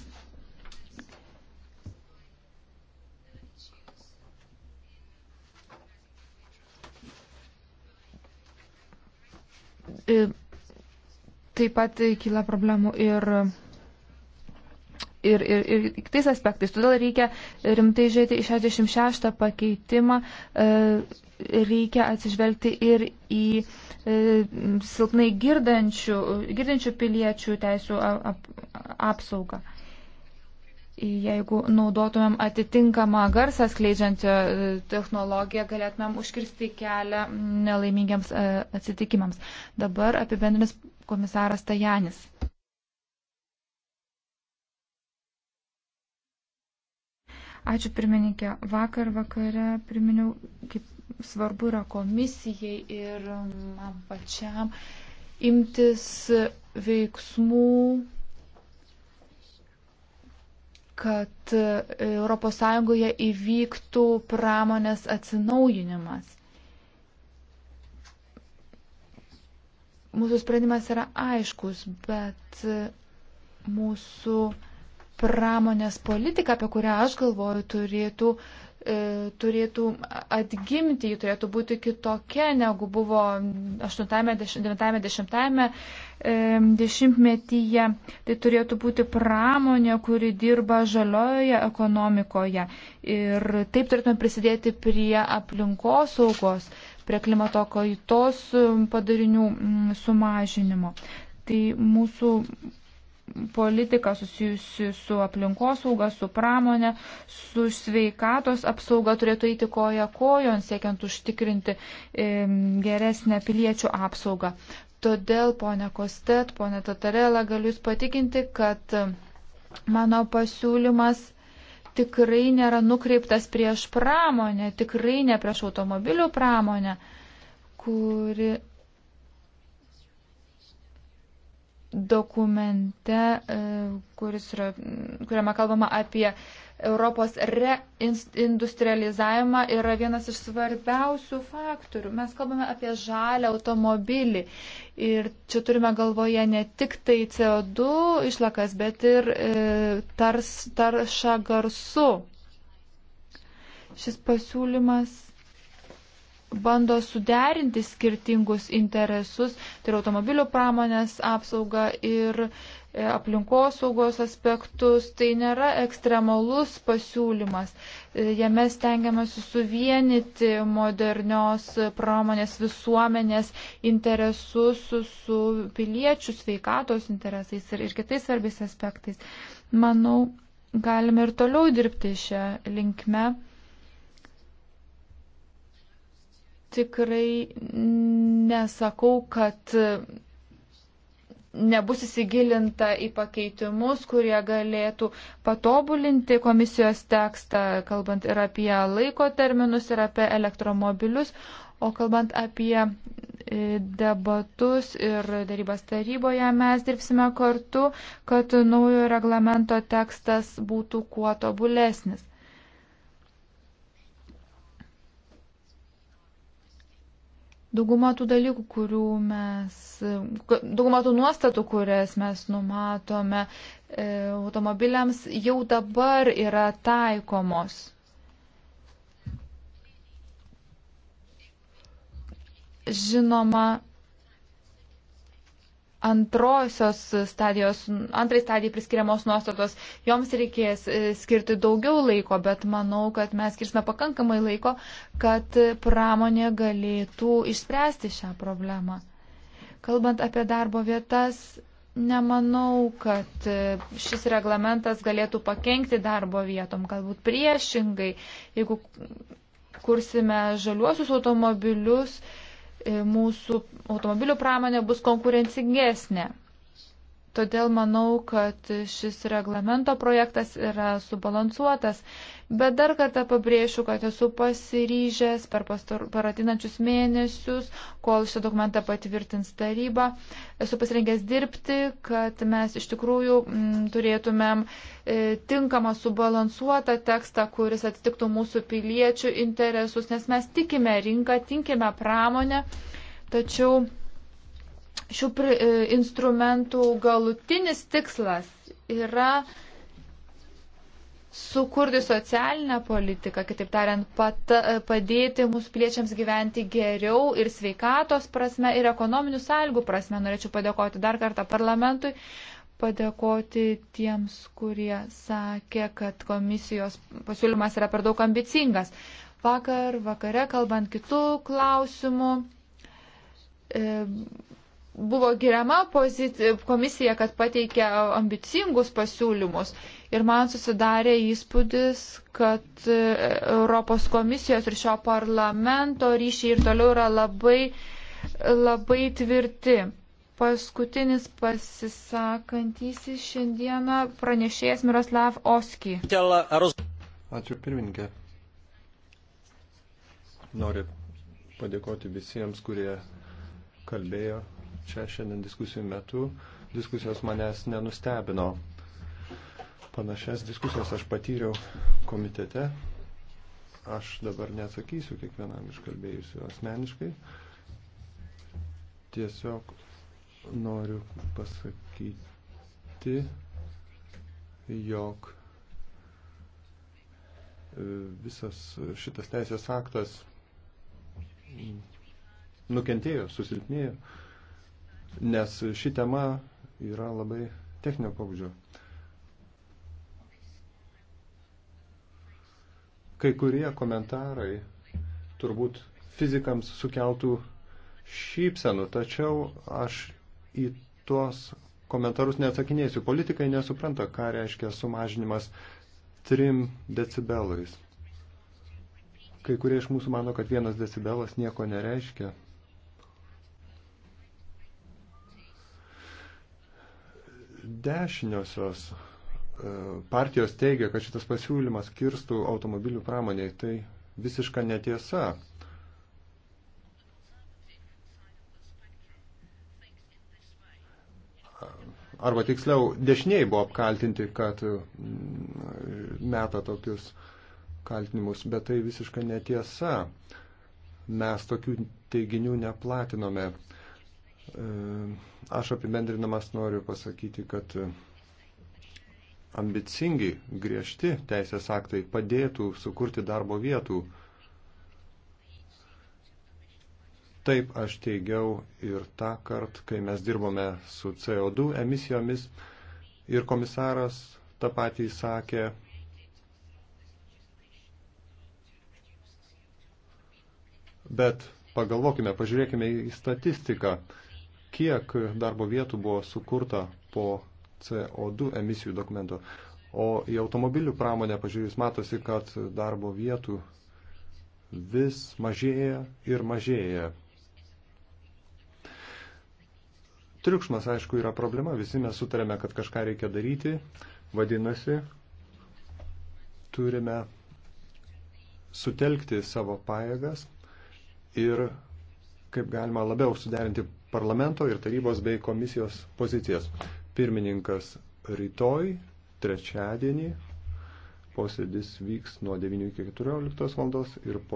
E, taip pat kyla problemų ir ir, ir, ir kitais aspektais. Todėl reikia rimtai žiūrėti į 66 pakeitimą, e, reikia atsižvelgti ir į e, silpnai girdančių, girdančių piliečių teisų ap, apsaugą jeigu naudotumėm atitinkamą garsą skleidžiančią e, technologiją, galėtumėm užkirsti kelią nelaimingiams e, atsitikimams. Dabar apibendrinis komisaras Tajanis. Ačiū pirmininkė. Vakar vakare priminiau, kaip svarbu yra komisijai ir man pačiam imtis veiksmų kad ES įvyktų pramonės atsinaujinimas. Mūsų sprendimas yra aiškus, bet e, mūsų pramonės politika, apie kurią aš galvoju, turėtų E, turėtų atgimti, ji turėtų būti kitokia negu buvo 8-9-10 e, dešimtmetyje. Tai turėtų būti pramonė, kuri dirba žaliojoje ekonomikoje. Ir taip turėtume prisidėti prie aplinkos saugos, prie klimato kaitos padarinių sumažinimo. Tai mūsų politika susijusi su aplinkosauga, su pramonė, su sveikatos apsauga turėtų eiti koja kojon, siekiant užtikrinti geresnę piliečių apsaugą. Todėl, ponė Kostet, ponė Tatarela, galiu Jūs patikinti, kad mano pasiūlymas tikrai nėra nukreiptas prieš pramonę, tikrai ne prieš automobilių pramonę, kuri dokumente, e, kuris yra, kuriame kalbama apie Europos reindustrializavimą, yra vienas iš svarbiausių faktorių. Mes kalbame apie žalę automobilį ir čia turime galvoje ne tik tai CO2 išlakas, bet ir e, tars, taršą garsu. Šis pasiūlymas bando suderinti skirtingus interesus, tai yra automobilių pramonės apsaugą ir e, aplinkosaugos aspektus. Tai nėra ekstremalus pasiūlymas. E, jame stengiamasi suvienyti modernios pramonės visuomenės interesus su, su piliečių sveikatos interesais ir, ir kitais svarbiais aspektais. Manau, galime ir toliau dirbti šią linkmę tikrai nesakau, kad nebus įsigilinta į pakeitimus, kurie galėtų patobulinti komisijos tekstą, kalbant ir apie laiko terminus, ir apie elektromobilius, o kalbant apie e, debatus ir darybas taryboje mes dirbsime kartu, kad naujo reglamento tekstas būtų kuo tobulesnis. Dauguma tų dalykų, kurių mes, dauguma tų nuostatų, kurias mes numatome e, automobiliams, jau dabar yra taikomos. Žinoma, antrosios stadijos, antrai stadijai priskiriamos nuostatos, joms reikės e, skirti daugiau laiko, bet manau, kad mes skirsime pakankamai laiko, kad pramonė galėtų išspręsti šią problemą. Kalbant apie darbo vietas, nemanau, kad e, šis reglamentas galėtų pakengti darbo vietom, galbūt priešingai, jeigu kursime žaliuosius automobilius, E, mūsų automobilių pramonė bus konkurencingesnė. Todėl manau, kad šis reglamento projektas yra subalansuotas Bet dar kartą pabrėšiu, kad esu pasiryžęs per, pastor, per atinančius mėnesius, kol šitą dokumentą patvirtins taryba, esu pasirengęs dirbti, kad mes iš tikrųjų m, mm, turėtumėm e, tinkamą subalansuotą tekstą, kuris atitiktų mūsų piliečių interesus, nes mes tikime rinką, tikime pramonę, tačiau šių pri, e, instrumentų galutinis tikslas yra sukurti socialinę politiką, kitaip tariant, pat, padėti mūsų piliečiams gyventi geriau ir sveikatos prasme, ir ekonominių sąlygų prasme. Norėčiau padėkoti dar kartą parlamentui, padėkoti tiems, kurie sakė, kad komisijos pasiūlymas yra per daug ambicingas. Vakar, vakare, kalbant kitų klausimų, e, buvo giriama komisija, kad pateikė ambicingus pasiūlymus. Ir man susidarė įspūdis, kad e, Europos komisijos ir šio parlamento ryšiai ir toliau yra labai, labai tvirti. Paskutinis pasisakantysis šiandieną pranešėjas Miroslav Oski. Ačiū pirmininkė. Noriu padėkoti visiems, kurie kalbėjo čia šiandien diskusijų metu diskusijos manęs nenustebino. Panašias diskusijas aš patyriau komitete. Aš dabar neatsakysiu kiekvienam iškalbėjusiu asmeniškai. Tiesiog noriu pasakyti, jog e, visas šitas teisės aktas nukentėjo, susilpnėjo nes ši tema yra labai techninio pobūdžio. Kai kurie komentarai turbūt fizikams sukeltų šypsenų, tačiau aš į tuos komentarus neatsakinėsiu. Politikai nesupranta, ką reiškia sumažinimas 3 decibelais. Kai kurie iš mūsų mano, kad vienas decibelas nieko nereiškia, dešiniosios e, partijos teigia, kad šitas pasiūlymas kirstų automobilių pramoniai, tai visiška netiesa. Arba tiksliau, dešiniai buvo apkaltinti, kad mm, meta tokius kaltinimus, bet tai visiška netiesa. Mes tokių teiginių neplatinome. E, aš apibendrinamas noriu pasakyti, kad e, ambicingi, griežti teisės aktai padėtų sukurti darbo vietų. Taip aš teigiau ir tą kartą, kai mes dirbome su CO2 emisijomis ir komisaras tą patį sakė. Bet pagalvokime, pažiūrėkime į statistiką kiek darbo vietų buvo sukurta po CO2 emisijų dokumento. O į automobilių pramonę pažiūrėjus matosi, kad darbo vietų vis mažėja ir mažėja. Triukšmas, aišku, yra problema. Visi mes sutarėme, kad kažką reikia daryti. Vadinasi, turime sutelkti savo pajėgas ir kaip galima labiau suderinti parlamento ir tarybos bei komisijos pozicijas. Pirmininkas rytoj, trečiadienį, posėdis vyks nuo 9 iki 14 valandos ir po